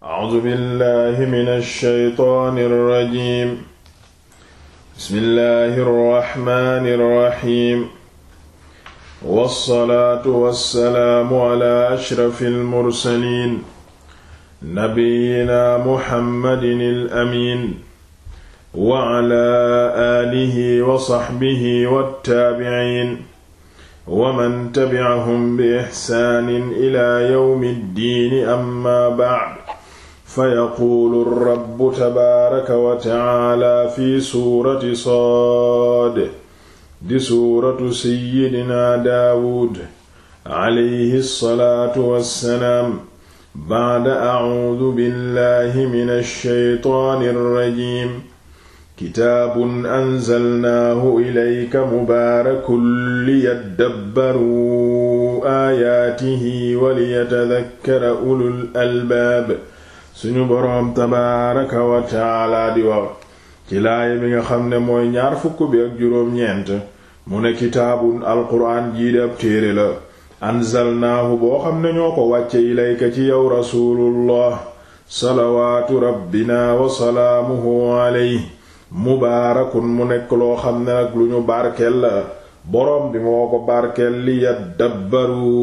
A'uuzu billaahi mina shaytaani rajiim. Bismillaahi rahmaani rahiim. Wassalaatu wassalaamu alaa ashrafil mursaliin. Nabiyyinaa Muhammadinil amiin. Wa alaa aalihi wa saxbihi wattaabi'iin. Wa man tabi'ahum bi ixsaanin ilaa yawmi ddiini amma ba'd. fa yaquulu rabbu tabaaraka wa tacaala fi suurati saad di suuratu sayyidina daawud alayhi salaatu wassalaam bacda acuudu billahi min alshaytaani alrajiim kitaabun anzalnaahu ilayka mubaarakun liyadabbaruu aayaatihi waliyatadakkara ulul albaab suñu boroom tabaaraka wa taala bi nga xam ne mooy ñaar fukk bi ak juróom-ñeent mu ne kitaabun alquraan jii de ab téere la anzalnaahu boo xam ne ñoo ko wàcce ilayka ci yow rasuulullah salawaatu rabbina wa salaamuhu alayhi mubaarakun mu nekk loo xam ne nag lu ñu barkel la boroom bi moo ko barkel li yaddabbaru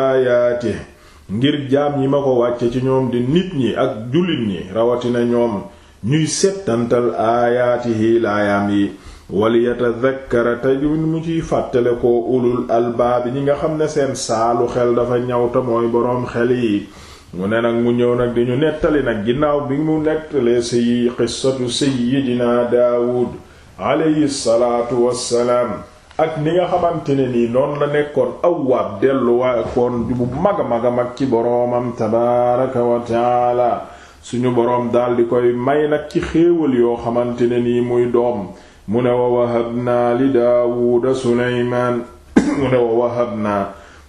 aayaatihi ngir jaam ñi ma ko wàcce ci ñoom di nit ñi ak jullit ñi rawatina ñoom ñuy settantal aayaatihi laayaam yi waliyatadakkara te mu ci fàttale ko ulul albaabi ñi nga xam ne seen saalu xel dafa ñaw mooy boroom xel yi mu ne nag mu ñëw nag di nettali nag ginnaaw bi mu nettalee sayi qissatu sayyidina daawud aleyhi salaatu wassalaam ak ni nga xamante ne nii noonu la nekkoon awwaab delluwaay koon bu mag a mag a mag ci boroomam tabaaraka suñu boroom daal di koy may nag ci xéewal yoo xamante ne nii muy doom mu ne wa wahabnaa li daawuda suleymaan mu ne wa wahabnaa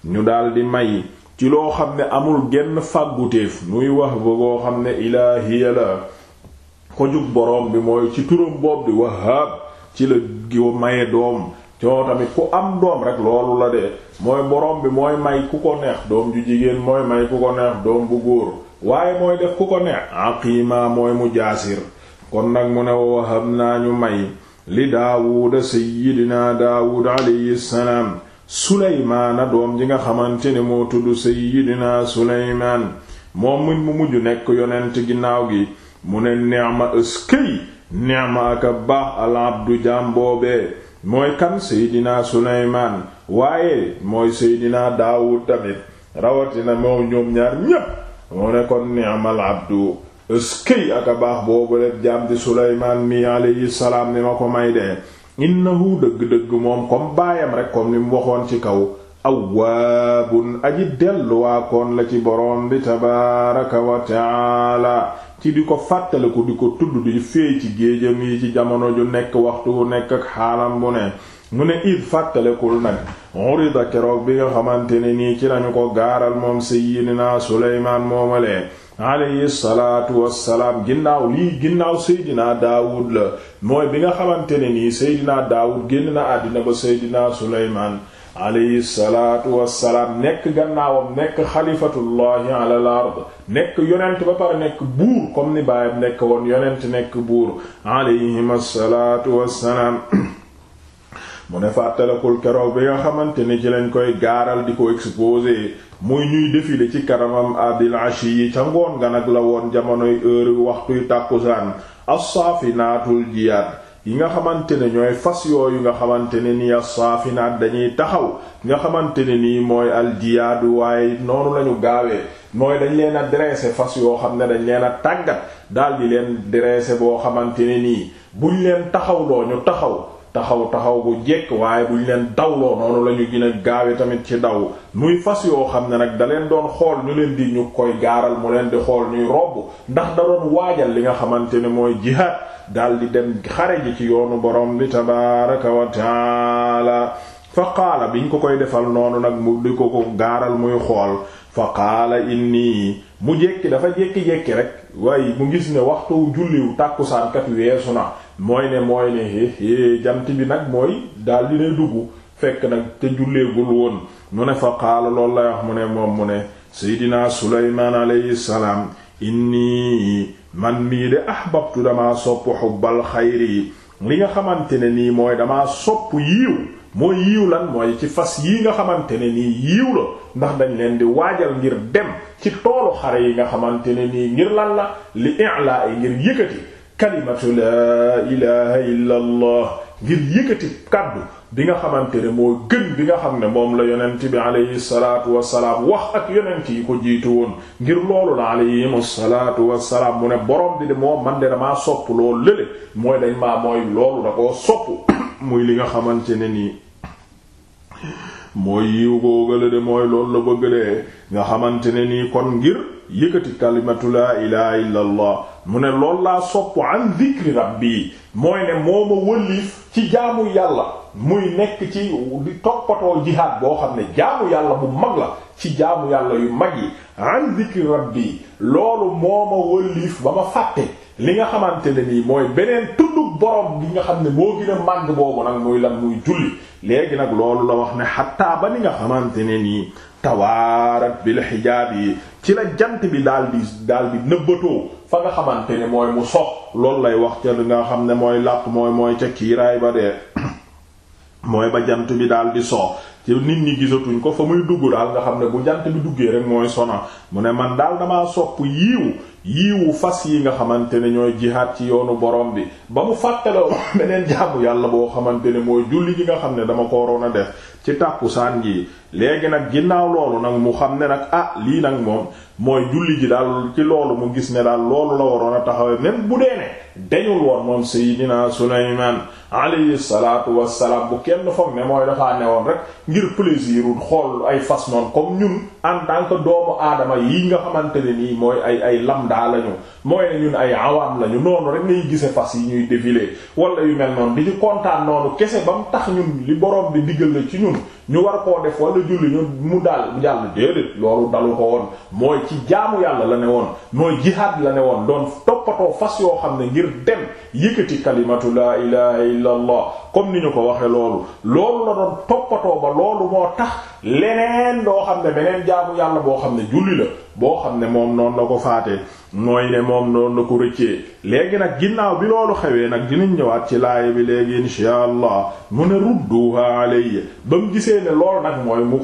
ñu daldi may ci loo xam ne amul genn fàggutéef muy wax bagoo xam ne ilaahiya la ko boroom bi mooy ci turam boob di wahaab ci la giwa maye doom coo tamit ku am doom rek loolu la de mooy borom bi mooy may ku ko neex doom ju jigéen mooy may ku ko neex doom bu góor waaye mooy def ku ko neex aqiima mooy mu jaasir kon nag mu ne wahab naa ñu may li daawuda sayyidina daawud alayhi salaam suleymaana doom ji nga xamante ne moo tudd sayyidina suleymaan moom mit mu mujj nekk yonent ginnaaw gi mu ne neema ëskëy neema aka baax al abdu jaam boobee mooy kan seydinaa suleymaan waaye mooy seydinaa daawud tamit rawatina moo ñoom ñaar ñépp moo ne kon ni'mal abdu ëskëy ak a baax boobu def jaam di suleymaan mi alayhi salaam ni ma ko may de innahu dëgg-dëgg moom comme baayam rek comme ni mu waxoon ci kaw awwaabun aji delluwaakoon la ci borom bi tabaaraka wa taala ci di ko fàttaliku di ko tudd di féey ci géejam yi ci jamono ju nekk waxtu wu nekk ak xaalam bu ne mu ne id fàttalekul nag urida keroog bi nga xamante ne nii ci lañu ko gaaral moom seydinaa suleymaan moomale alayhi salaatu wassalaam ginnaaw lii ginnaaw seydinaa daawud la mooy bi nga xamante ne nii seydinaa daawud génn na àddina ba seydinaa suleymaan alayhi salaatu wassalaam nekk gannaawam nekk xalifatullahi ala al-ard nekk yonent ba pare nekk buur comme ni baayam nekk woon yonent nekk buur alayhim assalaatu wassalaam mu ne fàttalakul keroog bi nga xamante ni ci lañ koy gaaral di ko exposé muy ñuy défilé ci kanamam abil ashi yi ca ngoon nga nag la woon jamonoy heure waxtuy tàkkusaan as-safinaatul yi nga xamante ne ñooy fas yooyu nga xamante ne ni as-saafinaat dañuy taxaw nga xamante ne nii mooy aljiyaadu waaye noonu lañu gaawee mooy dañ leen a fas yoo xam ne dañu leen a tàggat daldi leen dresser boo xamante ne nii buñ leen taxaw loo ñu taxaw taxaw taxaw bu jekk waaye bu buñ leen dawloo noonu la ñu gën a gaawe tamit ci daw muy fas yoo xam ne nag da doon xool ñu leen di ñu koy gaaral mu leen di xool ñuy robb ndax da doon waajal li nga xamante ne mooy jihaad daal di dem xare ji ci yoonu borom bi tabaraka wa taala fa qaala biñ ko koy defal noonu nag mu di ko ko gaaral muy xool fa qaala inni mu jékki dafa jékki-jékki rek waaye mu gis ne waxtu julliw tàkkusaankat weesu na mooy ne mooy ne eh, eh, jant bi nag mooy daal di ne dugg fekk nag te julleegul woon mu ne fa qaala loolu lay wax mu ne moom mu ne seydinaa suleymaan alayhi salaam inni man mii de ahbabtu damaa sopp xubbal xayri yi li nga xamante ne nii mooy dama sopp yiiw mooy yiiw lan mooy ci fas yii nga xamante ne nii yiiw la ndax dañ leen di waajal ngir dem ci toolu xare yi nga xamante ne nii ngir lan la li i'laa ngir yëkkati kalimatu laa ilaha illa ngir yëkkati kàddu bi nga xamante ne moo gën bi nga xam ne moom la yonent bi alayhi salaatu wasalaam wax ak yonent yi ko jiitu woon ngir loolu la alayhim salaatu wasalaam mu ne borom bi de damaa sopp loolu lële mooy mooy loolu da koo sopp muy li nga xamante ne nii mooy yiw góogale de mooy loolu la bëgg de nga xamante ne nii kon ngir yëkkati kalimatu laa ilaha illa mu ne loolu laa sopp an zikri bii mooy ne moo ma wëlliif ci jaamu yàlla muy nekk ci di toppatoo jihaad boo xam ne jaamu yàlla bu mag la ci jaamu yàlla yu mag yi an zikri rabbi loolu moo ma wëlliif ba ma fàtte li nga xamante ne nii mooy beneen tuddug borom bi nga xam ne moo gën a màgg boobu nag muy lan muy julli léegi nag loolu la wax ne xattaa ba li nga xamante ne nii tawaarat bil xijaab yi ci la jant bi daal di daal bi nëbbatoo fa nga xamante ne mooy mu sox loolu lay wax ca li nga xam ne mooy làpp mooy mooy ca kiiraay ba dee mooy ba jant bi daal di soo ci nit ñi gisatuñ ko fa muy dugg daal nga xam ne bu jant bi duggee rek mooy sona mu ne man daal damaa sopp yiiwu yiiwu fas yi nga xamante ne ñooy jihaat ci yoonu borom bi ba mu fàttaloo beneen jaamu yàlla boo xamante ne mooy julli gi nga xam ne dama ko waroon a def ci saan gi léegi nag ginnaaw loolu nag mu xam ne nag ah lii nag moom mooy julli ji daal ci loolu mu gis ne daal loolu la waroon a taxawee même bu dee ne dañul woon moom Seydina Sulaymaan alayhi salaatu wassalaam bu kenn foog ne mooy dafaa woon rek ngir plaisir xool ay fas noonu comme ñun en tant que doomu aadama yi nga xamante ne nii mooy ay ay lambda lañu mooy ñun ay awaam lañu noonu rek ngay gise fas yi ñuy défilé wala yu mel noonu di ci kontaan noonu kese ba tax ñun li bi digal la ci ñu julli ñu mu daal jàll déedéet loolu dalu ko woon mooy ci jaamu yàlla la ne woon mooy jihaad la ne woon doon toppatoo fas yoo xam ne ngir dem yëkkati kalimatu laa ilaha illa comme ni ñu ko waxee loolu loolu la doon toppatoo ba loolu moo tax leneen loo xam ne beneen jaamu yàlla boo xam ne julli la boo xam ne moom noonu la ko faatee mooy ne moom noonu la ko rëccee léegi nag ginnaaw bi loolu xewee nag dinañ ñëwaat ci laaya bi léegi insha allah mu ne rudduha alayya ba mu gisee ne loolu nag mooy mu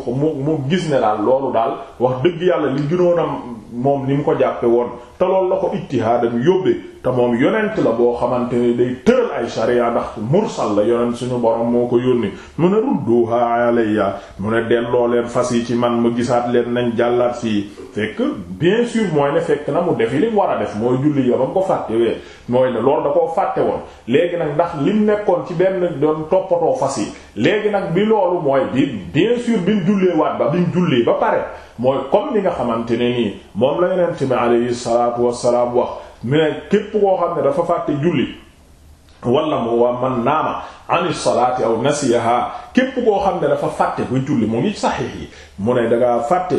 mu gis ne daal loolu daal wax dëgg yàlla li gënoon a moom ni mu ko jàppe woon te loolu la ko ittihaadan yóbbee te moom yonent la boo xamante ne day tëral ay sharia ndax mursal la yonent suñu borom moo ko yónni mu ne rudduha alayya mu ne delloo leen fas yi ci man mu gisaat leen nañ jàllaat si fekk bien sûr mooy ne fekk na mu def yi li mu war a def mooy julli ya ba mu ko fàttewee mooy ne loolu da koo fàtte woon léegi nag ndax lim nekkoon ci benn doon toppatoo fas yi léegi nag bi loolu mooy bi bien sûr bi mu jullee waat ba bi mu jullee ba pare mooy comme li nga xamante ne nii moom la yonent bi alayhi mu ne képp koo xam ne dafa fàtte julli wala mu waa man naama ani salaati aw nasiyaha képp koo xam ne dafa fàtte ba julli mu ngi saxiix yi mu ne dangaa fàtte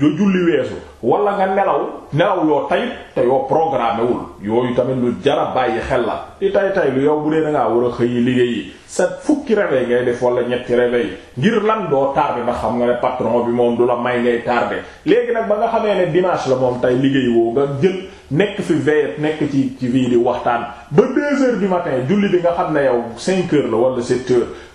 jo julli weesu wala nga nelaw nelaw yoo tayut te yoo programmé wul yooyu tamit lu jara bàyyi xel la di tay tay lu yow bu dee dangaa war a xëyi liggéey yi sa fukki réveil ngay def wala ñetti réveil ngir lan doo tardé ndax xam nga ne patron bi moom du la may ngay tardé léegi nag ba nga xamee ne dimanche la moom tey liggéey woo nga jël nekk fi veille nekk ci ci vie di waxtaan ba deux heures du matin julli bi nga xam ne yow cinq heures la wala sept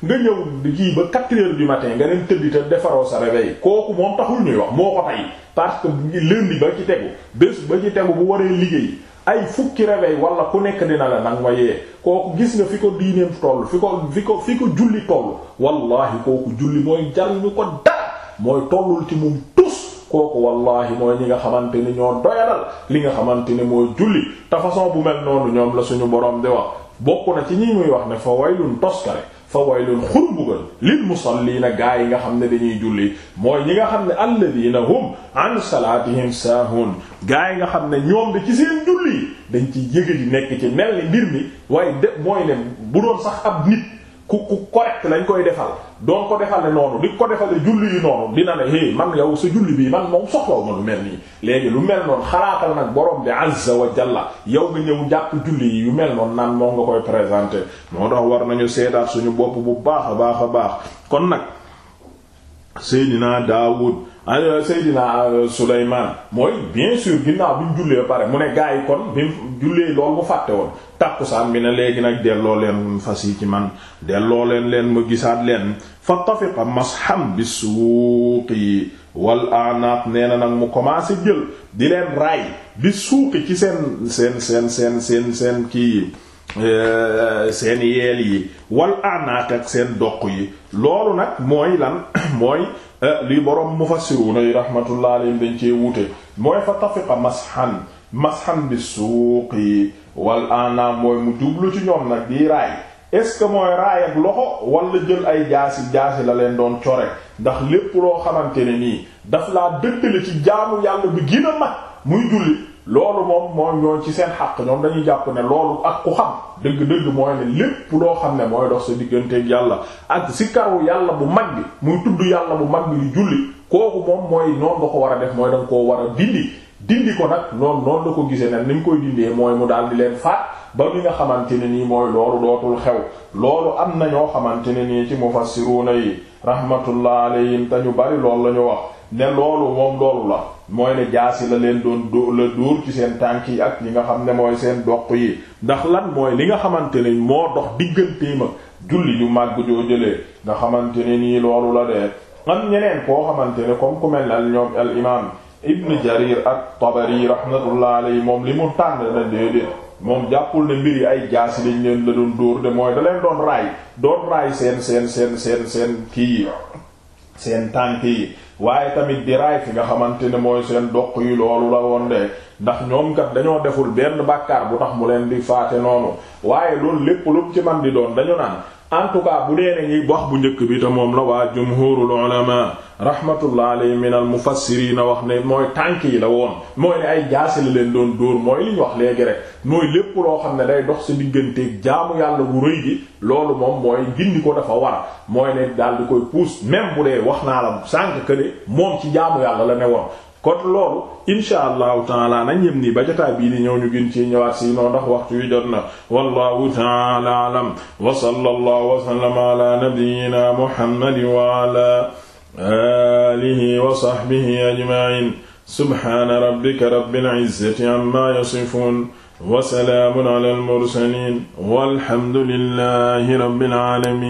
nga ñëw kii ba quatre heures du matin nga dem tëddi te defaroo sa réveil kooku moom taxul ñuy wax moo ko tey parce que lundi ba ci tegu bés ba ci tegu bu waree liggéey ay fukki réveil wala ku nekk dina la nag ma yee kooku gis nga fi ko diineem toll fi ko fi ko fi ko julli toll wallahi kooku julli mooy jariñu ko dara mooy tollul ci moom tus kooku wallahi mooy ñi nga xamante ni ñoo doyadal li nga xamante ni mooy julli te façon bu mel noonu ñoom la suñu borom di wax bokk na ci ñi muy wax ne fa waylun toskare fa waylun xurmbugal lil musalliina gaa yi nga xam ne dañuy julli mooy ñi nga xam ne alladina hum an salaatihim saahun gaa yi nga xam ne ñoom de ci seen julli dañ ci yëga di nekk ci mel ni mbir mi waaye de mooy ne bu doon sax ab nit ku ku correct lañ koy defal doon ko defal noonu di ko defal julli yi noonu dina ne hey man yow sa julli bii man moom soxlaw ma lu mel nii léegi lu mel noonu xalaatal nag borom bi azza wa jalla yow nga ñëw jàpp julli yi yu mel noonu naan moo nga koy présenté moo tax war nañu seetaat suñu bopp bu baax a baax a baax kon nag Seydina Daawud a Seydina euh, Souleymane mooy bien sûr ginnaaw bi mu jullee ba mu ne gaa yi kon bi mu jullee lool mu fàtte woon tàkkusaan bi na léegi nag delloo leen fas yi ci man delloo leen leen mu gisaat leen fa tafiqa masham bi suuqi wal anaaq nee na nag mu commencé jël di leen raay bi suuqi ci seen seen seen seen seen seen kii yi Eh, seen yeel yi wal anaaq ak seen doq yi loolu nag mooy lan mooy eh, li boroom mufassiruna yi rahmatullah alayhim dañ cee wuute mooy fa tafiqa mashan mashan bi suuq yi wal anaaq mooy mu jublu ci ñoom nag di raay est-ce mooy raay ak loxo walla jël ay jaasi jaasi la leen doon core ndax lépp loo xamante ne nii daf laa dëddale ci jaamu yàlla bi gën mag muy julli loolu moom mooy ñooñ ci seen xàq ñoom dañuy jàpp ne loolu ak ku xam dëgg-dëgg mooy ne lépp loo xam ne mooy dox sa digganteeg yàlla ak si karu yàlla bu mag bi muy tudd yàlla bu mag bi di julli kooku moom mooy noonu nga ko war a def mooy da koo war a dindi dindi ko nag noonu noonu la ko gisee ne ni mu koy dindee mooy mu daal di leen faat ba li nga xamante ne nii mooy loolu dootul xew loolu am na ñoo xamante ne nii ci mufassiruna yi rahmatullah alayhim te ñu bari loolu la ñu wax ne loolu moom la mooy ne jaasi la leen doon dóor la dóor ci seen tànk yi ak yi nga xam ne mooy seen doq yi ndax lan mooy li nga xamante ne moo dox digganteem ma julli ju màgg joo jëlee nga xamante ne nii loolu la dee am ñeneen koo xamante ne comme ku mel al ñoom al imaam ibn jarir at-tabari rahmatullah yi moom li mu tànn na déedéet moom jàppul ne mbir yi ay jaasi lañ leen la doon dóor de mooy da leen doon raay doon raay seen seen seen seen seen kii yi seen tànk yi waaye tamit di raay fi nga xamante ne mooy seen doq yi loolu la woon de ndax ñoom kat dañoo deful benn bàkkaar bu tax mu leen di faate noonu waaye loolu lépp lu ci man di doon dañu naan en tout bu dee ne ngi wax bu njëkk bi te moom la waa jumhurul ulama rahmatullah alayhi min al mufassirin wax ne mooy tànk yi la woon mooy ne ay jaasi la leen doon dóor mooy li wax léegi rek mooy lépp loo xam ne day dox sa digganteeg jaamu yàlla bu rëy gi loolu moom mooy gindi ko dafa war mooy ne daal koy puus même bu dee wax naa la sànq que moom ci jaamu yàlla la ne woon kon loolu insha allahu taala nañ yem nii ba jotaay bii di ñëw ñu gën ci ñëwaat si noo ndax waxtu yu jot na wallahu taala alam wa sallallahu wa sallama ala nabiyyina muhammadin wa ala alihi wa sahbihi ajma'in subhana rabbika rabbil izzati amma yasifun wa salaamun ala al mursalin walhamdulillahi rabbil alamin